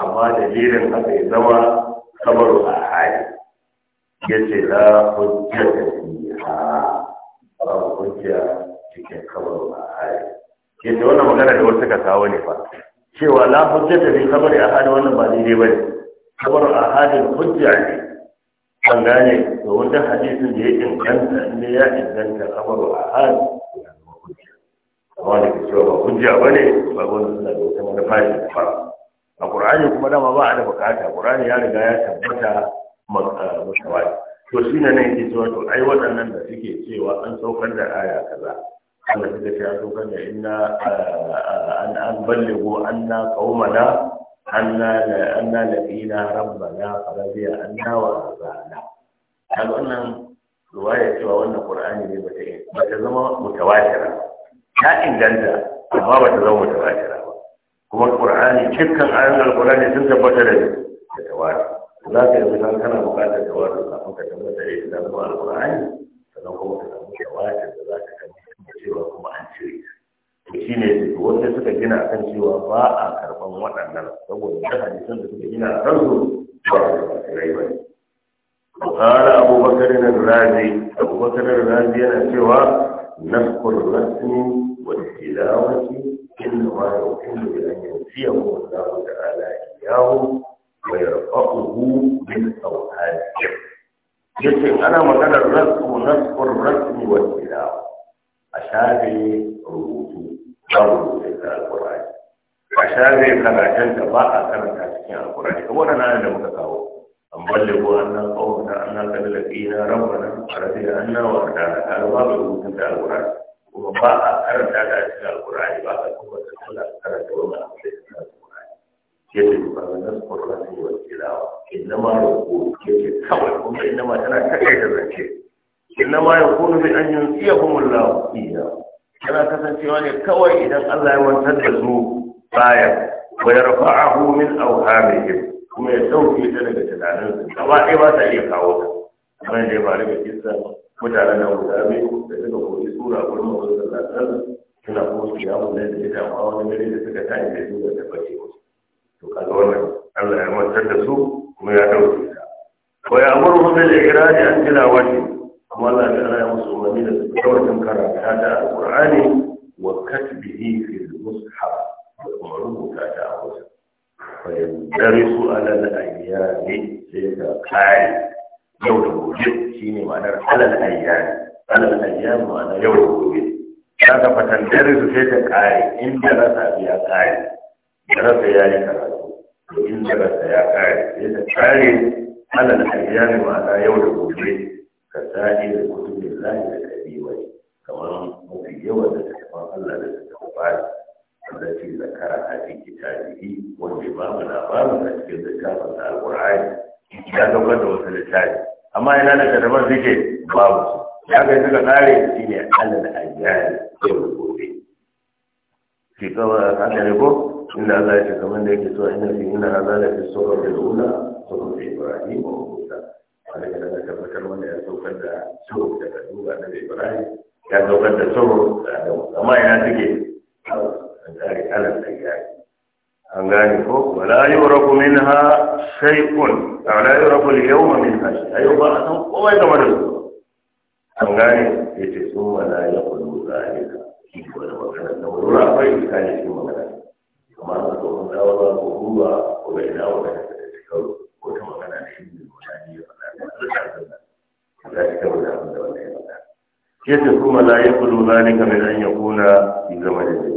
amma dalilin haka ya zama kabaru a hali ya ce za la hujjata fiha babu hujja cikin kabaru a hali da wannan magana da wasu ka kawo ne ba cewa la hujjata ne kamar hadin wannan ba daidai bane kamar hadin hujja ne an gane da wanda hadisin da ya inganta ne ya inganta kamar a ya zama hujja amma da ke cewa ba hujja ne ba wanda suna da wata manufa ne ba a ƙur'ani kuma dama ba a da bukata ƙur'ani ya riga ya tabbata mutawai to shi ne nan yake cewa to ai waɗannan da suke cewa an saukar da aya kaza Allah suka ce a tsokan da ina eh, an ballego an na kaumana an na lafina rabbana farabiya an na wa zana kaga wannan ruwaya cewa wannan qur'ani ne bata bata zama mutawatira ta inganta amma bata zama mutawatira ba kuma qur'ani dukkan ayoyin alqur'ani sun tabbata da tawatur za ka yi zan kana bukatar tawatur kafin ka tabbata da ita zama alqur'ani sannan kuma ka samu tawatur da za ka kalli cewa kuma an cire to shi ne wanda suka gina kan cewa ba a karɓan waɗannan saboda duk hadisan da suka gina kan su ba a da kafirai ba ne. Kala Abu Bakar na Razi, Abu Bakar na Razi yana cewa nafkul rasmi wa tilawati inna ma yuqulu bi an yusiyahu Allahu ta'ala iyahu wa yarfa'uhu min awhadihim. Yace ana maganar rasmu nafkul rasmi wa tilawa. a shafe rubutu ba rubutu da alkurani a shafe karatun da ba a karanta cikin alkurani kamar waɗannan da muka kawo an ballego an nan kawunta an nan kallafi na rabbana a rafi da an nan wa da ta ba ga rubutun da alkurani kuma ba a karanta da cikin alkurani ba a kuma ta kula karanta wani abu da cikin alkurani yadda ba na nan kurani wa tilawa inna ma rubutu ce, kawai kuma inna ma tana ta da zance innama yakunu bi an yunsiyahum Allah iyyahu yana kasancewa ne kawai idan Allah ya wantar da su baya wa yarfa'ahu min awhamihim kuma ya dauke ta daga tunanin su gaba ɗaya ba ta iya kawo ta kamar da ba daga kissa mutanen da guda biyu da suka koyi sura gurin mawar sallallahu suna kuma su yawo da ya damu a wani gari da suka tashi da su da ta bace musu to kaga wannan Allah ya wantar da su kuma ya dauke ta wa ya'muru bil ihraj an tilawati amma Allah ya raya musu umarni da su kawai karanta ta alqur'ani wa katbihi fil mushaf da kuma rubuta ta a wajen su alal ayyami sai ka kare yau da gobe shine ma'anar alal ayyami alal ayyami ma'anar yau da gobe Ya fatan ka su sai ta kare inda rasa ya kare da rasa ya yi karatu to inda rasa ya kare sai ta kare alal ayyami ma'ana yau da gobe ka sa'ir kutubin lahi da kabiwai kamar mafi yawan da tattafan Allah da tattafan bari wanda ce zakara a cikin kitabihi wanda ba mu labarin a cikin littafin alƙur'ani ya gabar da wasu littafi amma ina da kadaban suke babu su ya kai suka tsare shi ne da ayyari yau da gobe shi kawai haka ne ko inda Allah ya ce kamar da yake so ina fi ina hazala fi sura bil ula sura ibrahim wa musa ولكن أنا أتذكر وأنا سوف سوق تبدو النبي إبراهيم كان سوف سوق وما يناسك ألم تجاري an gane ko wala yuraku minha shay'un aw la yuraku al-yawma min hash ayo ba san komai game da su an gane yace su wala yaqulu zalika ko da magana da wura akwai iskani cikin magana kamar da ko da wala ko huwa ko da ina wala ko ta ya ci kama da abin ya kuma la ya kudu zalika mai an ya kuna yi zama da haka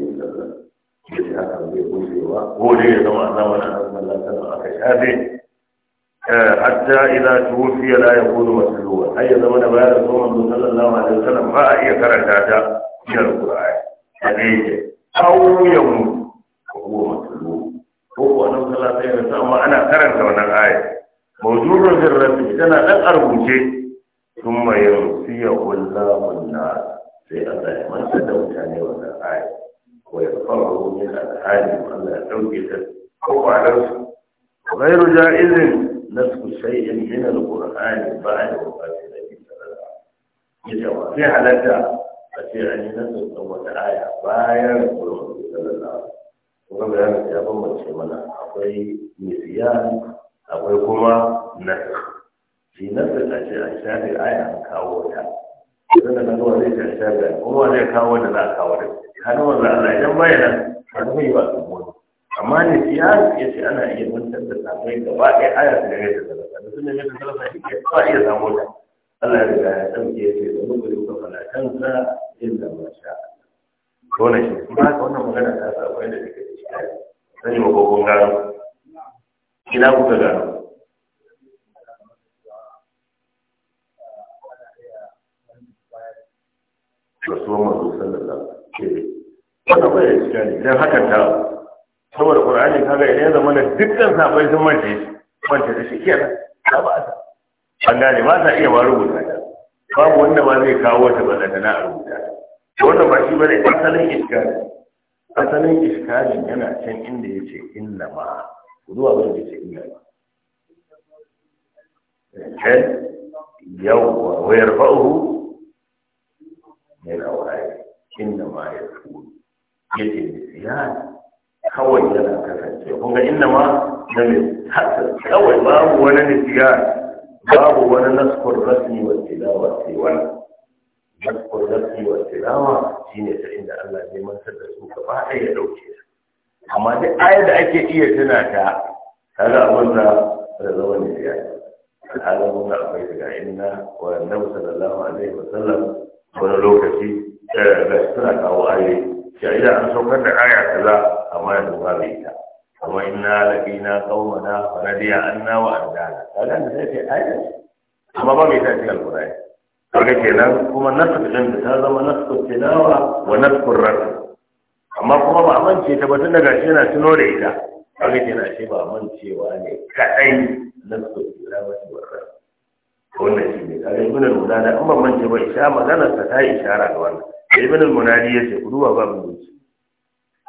zai kushewa ko dai ya zama a zamanin eh, hatta la ya zama da bayan sallallahu alaihi wasallam ba a iya karanta ta ya ko sallallahu alaihi wasallam ana karanta wannan tana dan arbuce ثم يرسي الله النار sai Allah ya da mutane wannan aya ko ya fara wani alhali mu Allah ya dauke ta ko kwanarsu ghairu ja'izin nasku shay'in min ba a da wani da ke tsara ita ba sai halatta a ce an yi nasu da wata aya bayan kurun sallallahu alaihi wa sallam ya ban mace mana akwai misyan akwai kuma nasu shi nan da ce a shafi aya an kawo ta idan da nan zai ta shafi aya kuma zai kawo da za a kawo da kana wanda Allah idan baya nan ka yi ba su mu amma ne siyasa ya ce ana iya mantar da safai gaba ɗaya aya ta daga ta talaka da sun daga ta talaka shi ke ba iya samu ta Allah ya riga ya ɗauke ya ce da mun gudu ka falatansa illa ma sha dole shi ba ka wannan magana ta sa akwai da take da shi kai sani ma ko kun gano ina kuka gano rasuwar manzo sallallahu alaihi wasallam bai iska ne dan haka ta saboda qur'ani kaga idan ya zama da dukkan sabai sun mance mance da shi kenan da ba ta an ne ba ta iya ba rubuta ta babu wanda ba zai kawo wata ba da na rubuta ta wannan ba shi bane asalin iska ne asalin iskalin yana can inda yace ce inna ma zuwa wurin da ce inna ma eh, yawwa wayar fa'uhu yana waye inda ma ya turu yake nisyan kawai yana kasance kuma inda ma na ne haka kawai babu wani nisyan babu wani naskun rasmi wa tilawa sai wani naskun rasmi wa tilawa shine ta inda Allah zai mantar da su gaba ɗaya ya ɗauke su amma duk ayar da ake iya tuna ta kaga abin da da zama nisyan alhalin mun akwai daga inna wa annabi sallallahu alaihi wa sallam wani lokaci da suna kawo ayoyi ya idan an saukar da aya kaza amma yanzu babu ita amma inna laqina qaumana faradiya an anna wa andana kaga da sai ce aya amma babu ita cikin alqur'ani kaga kenan kuma nasu din da ta zama nasu tilawa wa nasu rabb amma kuma ba mance ta batun daga shi yana tuno da ita kaga kenan shi ba mancewa ne kadai nasu tilawa wa rabb wannan shi ne kaga ibn al-munadi an ban mance ba isha maganar sa ta ishara ga wannan ibn al-munadi yace ku ba mu da yake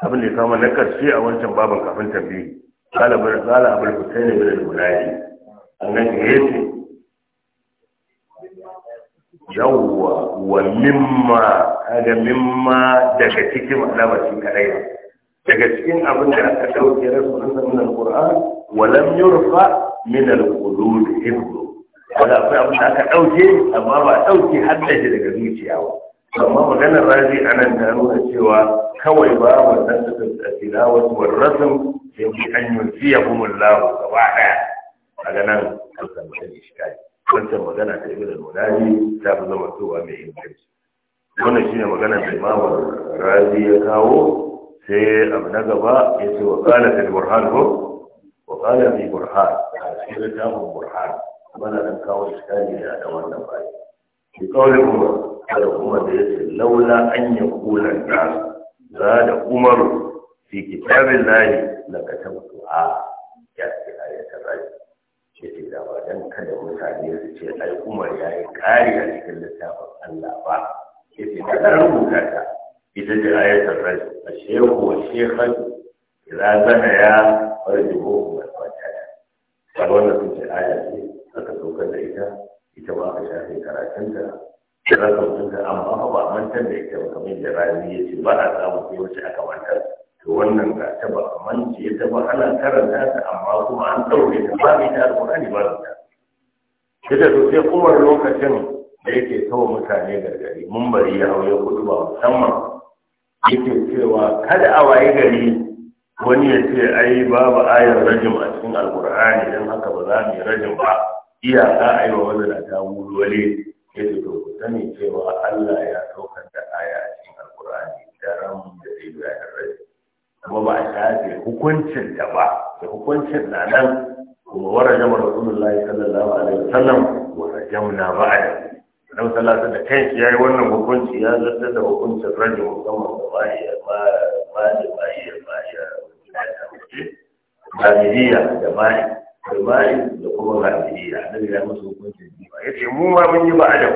abin da ya kama na karshe a wancan babin kafin Kala qala qala abul husayn ibn al-munadi an ga yace yawwa wa mimma kaga mimma daga cikin alama shi kadai ba, daga cikin abin da aka dauke rasulun nan al-qur'an wa lam yurfa min al-qulub hibru wanda akwai abin da aka ɗauke amma ba a ɗauke shi daga zuciya ba amma maganar razi a nan ta nuna cewa kawai ba wannan suka tsira wasu warrasun sai mu an yi fiye kuma lawa gaba ɗaya a ganan kansa mutum ishkari wancan magana ta da nuna ne ta fi zama towa mai inganci wannan shine magana da imamu razi ya kawo sai abu na gaba ya ce wa kala fil burhan ko wa kala burhan a cikin littafin burhan mana da kawo iskari da da wannan bai ki kawai kuma da kuma da yace laula an ya kula da za da umaru fi kitabin lahi la katabtu a ya ce ayata rai ce ce da ba dan kada mutane su ce ai umar yayi kari a cikin littafin Allah ba ce ce da rubuta ta ita ce ayatul rai a shehu wa shekhatu zana ya farjuhu wa fatata wannan sun ce ayati aka saukar da ita ita ba a shafe karatunta karatunta amma ba a mantar da ita ba kamar da rani ya ce ba a samu sai wacce aka mantar to wannan ga ta ba a mance ta ba ana karanta ta amma kuma an ɗaure ta ba mai ta alƙur'ani ba ta ita to sai kowane lokacin da yake kawo mutane gargari mun bari ya hau ya kudu ba musamman yake cewa kada a waye gari wani ya ce ai babu ayar rajim a cikin alkur'ani don haka ba za mu yi rajim ba iyaka a yi wa ta wulwale ya ce to ku sani cewa Allah ya saukar da aya a cikin alkur'ani daren da zai biya da rai kuma ba a shafe hukuncin da ba da hukuncin na nan kuma da rajama layi sallallahu alaihi wasallam wa rajamna ba'da dan sallallahu da kanshi yayi wannan hukunci ya zartar da hukuncin rajin musamman da ba ya ba ba ya ba ya ba ya da ba ya ya ba ya almai da kuma rafidiyya annabi ya musu hukuncin jifa ya ce mu ma mun yi ba adam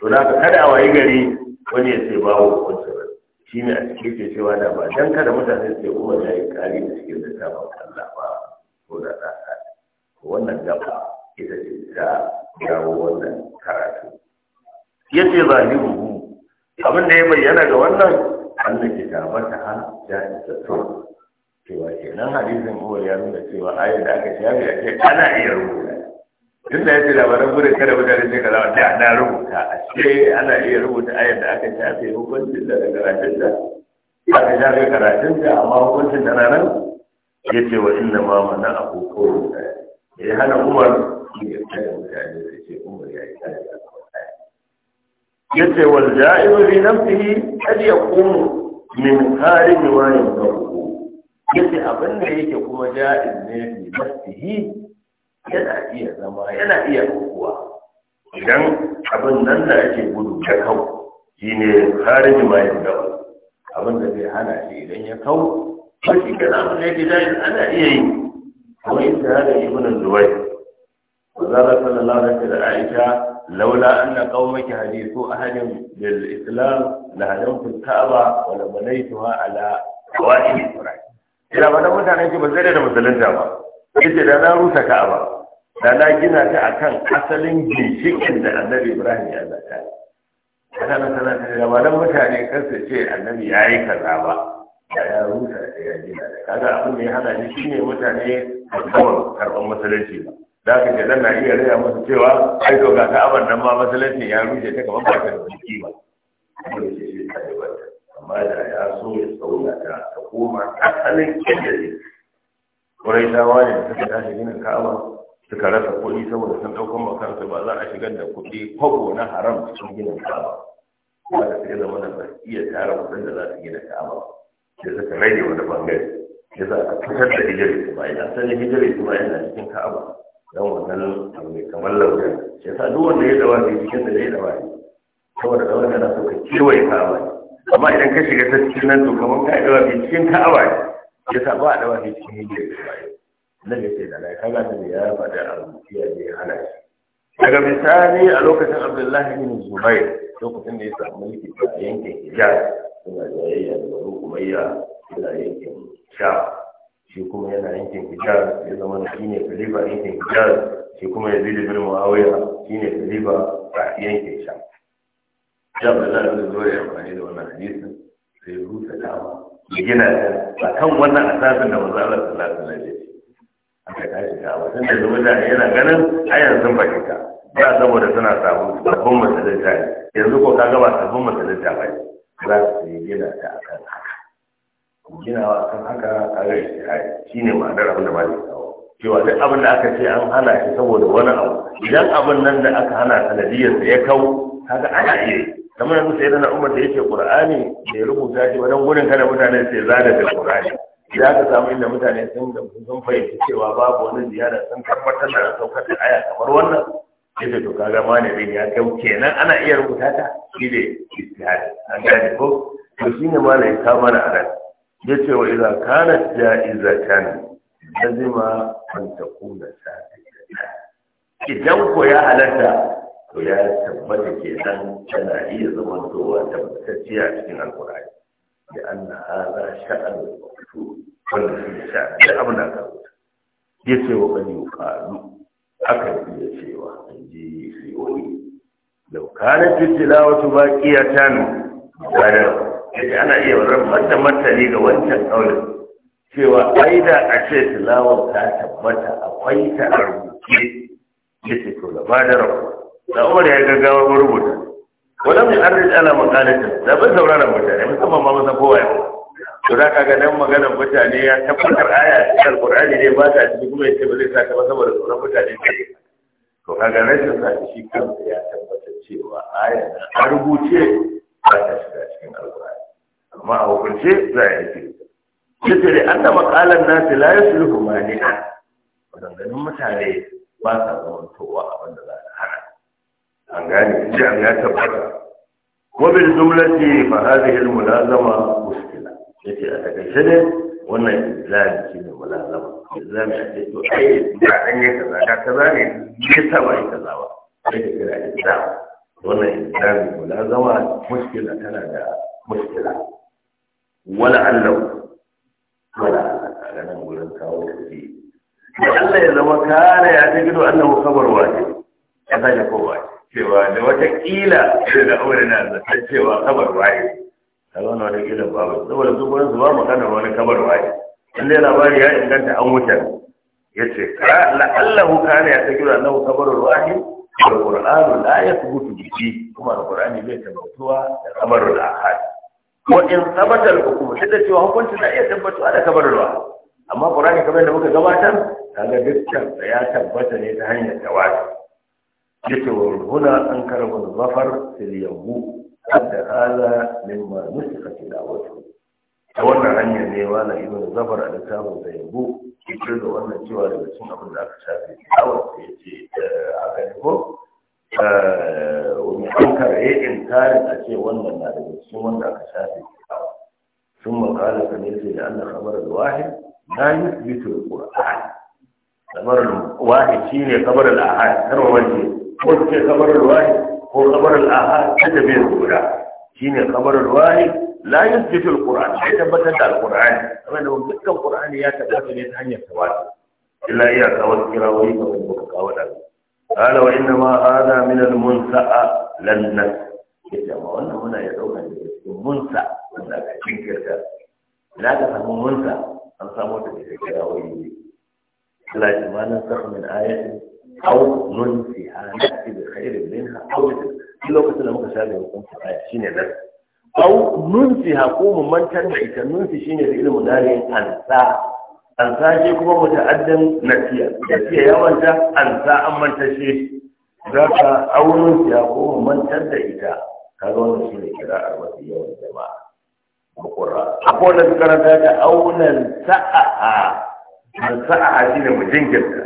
to da ka kada a wayi gari wani ya ce babu hukuncin ba. shi ne a cikin ke cewa da ba dan kada mutane su ce umar ya yi kari da cikin da ta ba Allah ba ko da ta wannan gaba ita ce ta jawo wannan karatu ya ce zahiru abin da ya bayyana ga wannan an da kitabata ha ya jani da cewa kenan hadisin Umar ya nuna cewa ayar da aka shafi a ce ana iya rubuta tun da ya ce labaran gudun kada mutane ka kaza da ana rubuta a ce ana iya rubuta ayar da aka shafe hukuncin da karatun da aka shafi karatun da amma hukuncin da na nan ya ce wa inda ma mana abu ko ya hana umar ya kai mutane su ce umar ya yi ya da ya ce wal ja'iru li nafsihi kad yaqum min harimi wa yanfa'u yace abin da yake kuma ja'iz ne fi nafsihi yana iya zama yana iya kukuwa. idan abin nan da ake gudu ya kau shine harin ma ya dawo abin da zai hana shi idan ya kau ba shi kana abin da yake ja'iz ana iya yi kuma yin shahada ibn zuwai wazara sallallahu alaihi da aisha laula لولا أن قومك حديث أحد بالإسلام لهدمت الكعبة ولبنيتها على قواعد إسرائيل ina ba da mutane ke ba zai da musulunta ba yace da na rusa ka'aba da na gina ta akan asalin ginshikin da annabi ibrahim ya zaka kana na sana ta da malam mutane kansa ce annabi ya yi kaza ba da ya rusa da ya gina da kaga abin da ya hana ni shine mutane a kawar karɓar musulunci ba da aka ce na iya raya musu cewa ai to ga ka'abar nan ma musulunci ya rushe ta kamar ba ta da jiki ba amma da ya so ya tsauna ta ta koma asalin kyandare kurai dawa ne da suka tashi ginin ka'aba suka rasa kuɗi saboda sun ɗaukan makansu ba za a shigar da kuɗi kwabo na haram cikin ginin ka'aba kuma da sai zama da ba iya tara kuɗin da za su gina ka'aba da suka rage wani bangare Ya za a fitar da hijirar isma'il sanin hijirar isma'il na cikin ka'aba don wannan abu mai kamar lauya ya sa duk wanda ya dawa ne cikin da ya dawa ne saboda wani yana so ka kewaye ka'aba ne amma idan ka shiga ta cikin nan to kamar ka dawa fi cikin ka'aba ya sa ba a dawa fi cikin hijira na ga sai da lai kaga da ya faɗi da rubuci ya je hana shi daga misali a lokacin abdullahi bin zubair lokacin da ya samu mulki a yankin hijaz suna jayayya da wani umayya suna yankin sha shi kuma yana yankin hijaz ya zama shi ne filifa yankin hijaz shi kuma ya da bin muawiya shi ne khalifa a yankin sha ya ba zan su zo ya amfani da wannan hadisin sai rusa dama ya gina ta a kan wannan asasin da manzo Allah sallallahu alaihi wasallam aka tashi da wa tunda da mutane yana ganin ayan sun fahimta ba saboda suna samu babban musulunta ne yanzu ko ka gaba sabbin musulunta ba ne za su yi gina ta a kan haka ginawa kan haka a kaga shi ne ma'anar abin da ba malik kawo cewa duk abin da aka ce an hana shi saboda wani abu idan abin nan da aka hana sanadiyarsa ya kau kaga ana iya kamar yanzu sai na umar da yake qur'ani da ya rubuta shi wajen gurin kada mutane sai zada da qur'ani Ya ka samu inda mutane sun da sun fahimci cewa babu wani ziyara sun tabbatar da saukar da aya kamar wannan yadda to kaga ma ne din ya kai kenan ana iya rubuta ta shi da istihadi an gane ko to ne ma lai ka mana a ya ce wa idan kana ja'izatan lazima an takuna sadiqatan idan ko ya halatta to ya tabbata ke nan tana iya zamantowa tabbatacciya cikin alkurari da an na hada sha'an rubutu wanda shi ne sha'an da abu na karuta ya ce wa bani yukalu aka iya cewa in ji siyoni laukana fitila wasu baƙiya ta nu ganar yadda ana iya rabar da martani ga wancan ƙaunin cewa ai da a ce tilawar ta tabbata akwai ta a rubuce ya ce to da rabu da umar ya gaggawa ko rubuta wadda mai arziki ala makalata da ban sauraron mutane musamman ma masa kowa ya to da ka nan maganar mutane ya tabbatar aya a cikin alkur'ani ne ba ta cikin kuma ya ce ba zai sa ta ba saboda sauran mutane ne to kaga rashin sa shi kansa ya tabbatar cewa aya na a rubuce ba ta shiga cikin alkur'ani amma a hukunce za a yi ce ce da an da makalan nasu la yasluhu mani'a maganganun mutane ba sa zamantowa abin da za a an gane jam ya tabbata wabin jumlati fa hadhihi al-mulazama muskila yace a takaice ne wannan izlami shine mulazama izlami a ce to ai da an yi kaza da kaza ne ya saba yi kaza ba sai ka kira izlami wannan izlami mulazama muskila tana da muskila wala allahu wala a nan gurin kawo kaji Allah ya zama kare ya ta gido annahu khabar wajib ya sake ko wajib cewa da watakila irin da aure na zata cewa kabar waye ta zauna watakila babu saboda su gurin su ba maganar wani kabar waye in dai labari ya inganta an wuce ya ce la'allahu kana ya ta kira annahu kabarul wahi wal qur'anu la yathbutu bihi kuma alqur'ani bai tabbatuwa da kabarul ahad ko in sabata al-hukm sai da cewa hukunci na iya tabbatuwa da kabarul wahi amma qur'ani kamar da muka gabatar kaga dukkan ya tabbata ne ta hanyar tawatur yake wa huna an karba zafar fil yahu da hala mimma nusika tilawatu ta wannan hanyar ne wala ibn zafar a littafin da sa yahu yake da wannan cewa daga cikin abin da aka shafe tilawar da yace eh, aka eh, yi ko wani an hankara in inkarin a ce wannan na daga cikin wanda aka shafe tilawa sun makala kan yace da annan kamar wahid na yi yusbitu alquran kamar wahid ne kamar al-ahad karwa wajen ko ce kabarul wahid ko kabarul ahad ta tafiya guda shine kabarul wahid la yusbitu alquran sai tabbatar da alquran kamar da dukkan qur'ani ya tabbata ne ta hanyar wata. illa iya kawar kirawoyi kamar da kuka kawo da قال وإنما munsa'a من المنسأ لن يجمع وانا هنا يدعوك cikin munsa, wanda ka jinkirta ina ka samu munsa an samu da ke kira wani Allah ya ma nan sa min ayatin أو ننسيها نأتي بخير منها أو مثل في لوقت لما كشاف يكون في آية شين بس أو ننسيها قوم من كان إذا ننسي شين في علم داري أنسى أنسى شيء كما متقدم نسيا نسيا يا وانت أنسى أم من تشي ذاك أو ننسيها قوم من كان إذا كانوا شين كراء الوصية والجماعة مقرر أقول لك كرتاك أو ننسأها ننسأها شين مجنجل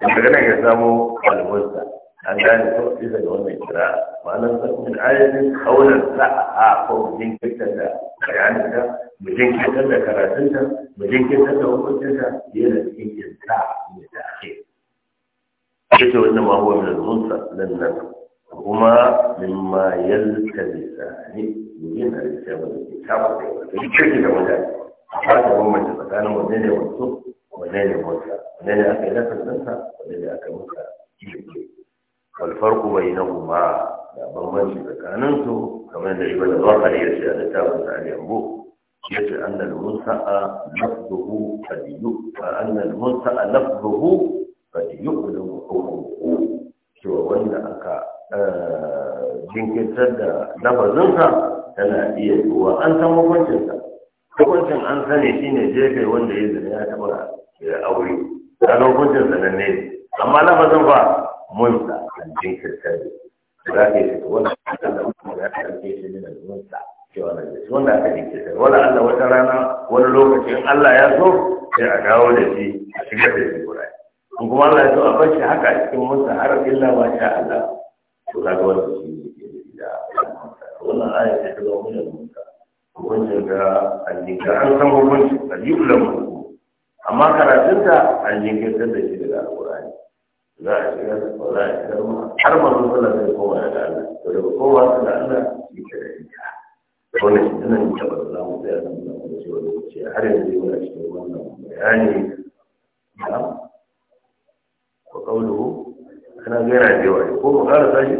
daga nan ya samo almunsa an gane ko bisa ga wannan kira ma'anar sa min ayatin kaunar sa ko mu jinkirtar da bayanin ta mu da karatun ta mu jinkirtar da hukuncin ta yana cikin kinta mai da ake ce wannan ma wani min almunsa nan nan kuma mimma yaltabisa ne yin alkitabu da kitabu da yake da mutane ba ta bambanta tsakanin wanne ne wanzu wanne ne wanzu ne da aka yi nasar ɗansa ne da aka muka jirgi walfarku bai na kuma da bambanci tsakanin kamar da ibada ba a yi shi a littafin sa yambo ya ce an da munsa'a nafduhu fadiyu an da munsa'a nafduhu fadiyu kudin hukumu cewa wanda aka eh, jinkirtar da lafazinsa tana iya an hukuncin an sani shine jefe wanda ya zina ya taɓa kaga hukuncin sananne amma lafazin fa mun an jinkirta ne za ka yi shi wannan Allah kuma ya karfe shi ne da munsa cewa na da shi wanda aka jinkirta wala Allah wata rana wani lokacin Allah ya so sai a dawo da shi a shigar da shi gurai in kuma Allah ya so a bar shi haka cikin munsa har illa ma sha Allah to kaga wani shi ne ke da wannan ayat ta zama mun da munsa hukuncin da an jinkirta an san hukuncin da yi ulamu amma karatunta an jinkirtar da shi daga alƙur'ani za a shiga da kwa za a shigar ma har ma mun da zai koma da Allah to daga koma da Allah shi ke da ita wannan shi tunan yin tabbata za mu tsaya nan nan da cewa lokaci har yanzu wani cikin wannan bayani na ko kauluhu kana gaira da yawa ko mu ƙara sashi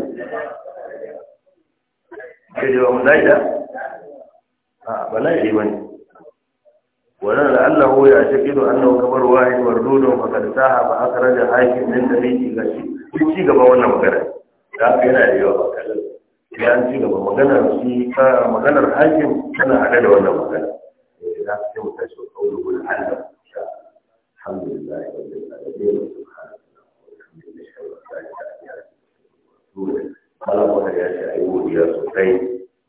ke da mu ita a bala'i bane ولن لعله يعتقد أنه كبر واحد مردود فقد ساها فأخرج حاكم من دميجي غشي duk ci gaba wannan magana da aka yana da yawa kallon. kaɗan idan ci gaba maganar shi ta maganar hakim tana hada da wannan magana da eh, aka ce mutum shi kawo gudu allah alhamdulillah ya wajen da zai yi ya shi a yi godiya sosai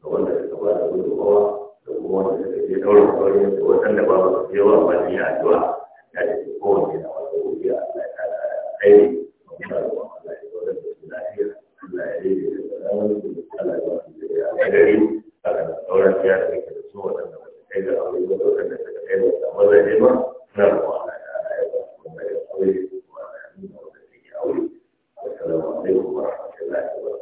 ga wanda suka ba da gudunmawa wanda ɗaurin da waɗanda ba su yawa a zuwa ya ce kowane na wata a Allah ya kara aiki muna da wani da su Allah ya da da da da waɗanda ba da aure ba waɗanda suka da su maza ne ba da wani Allah ya ba warahmatullahi wabarakatuh.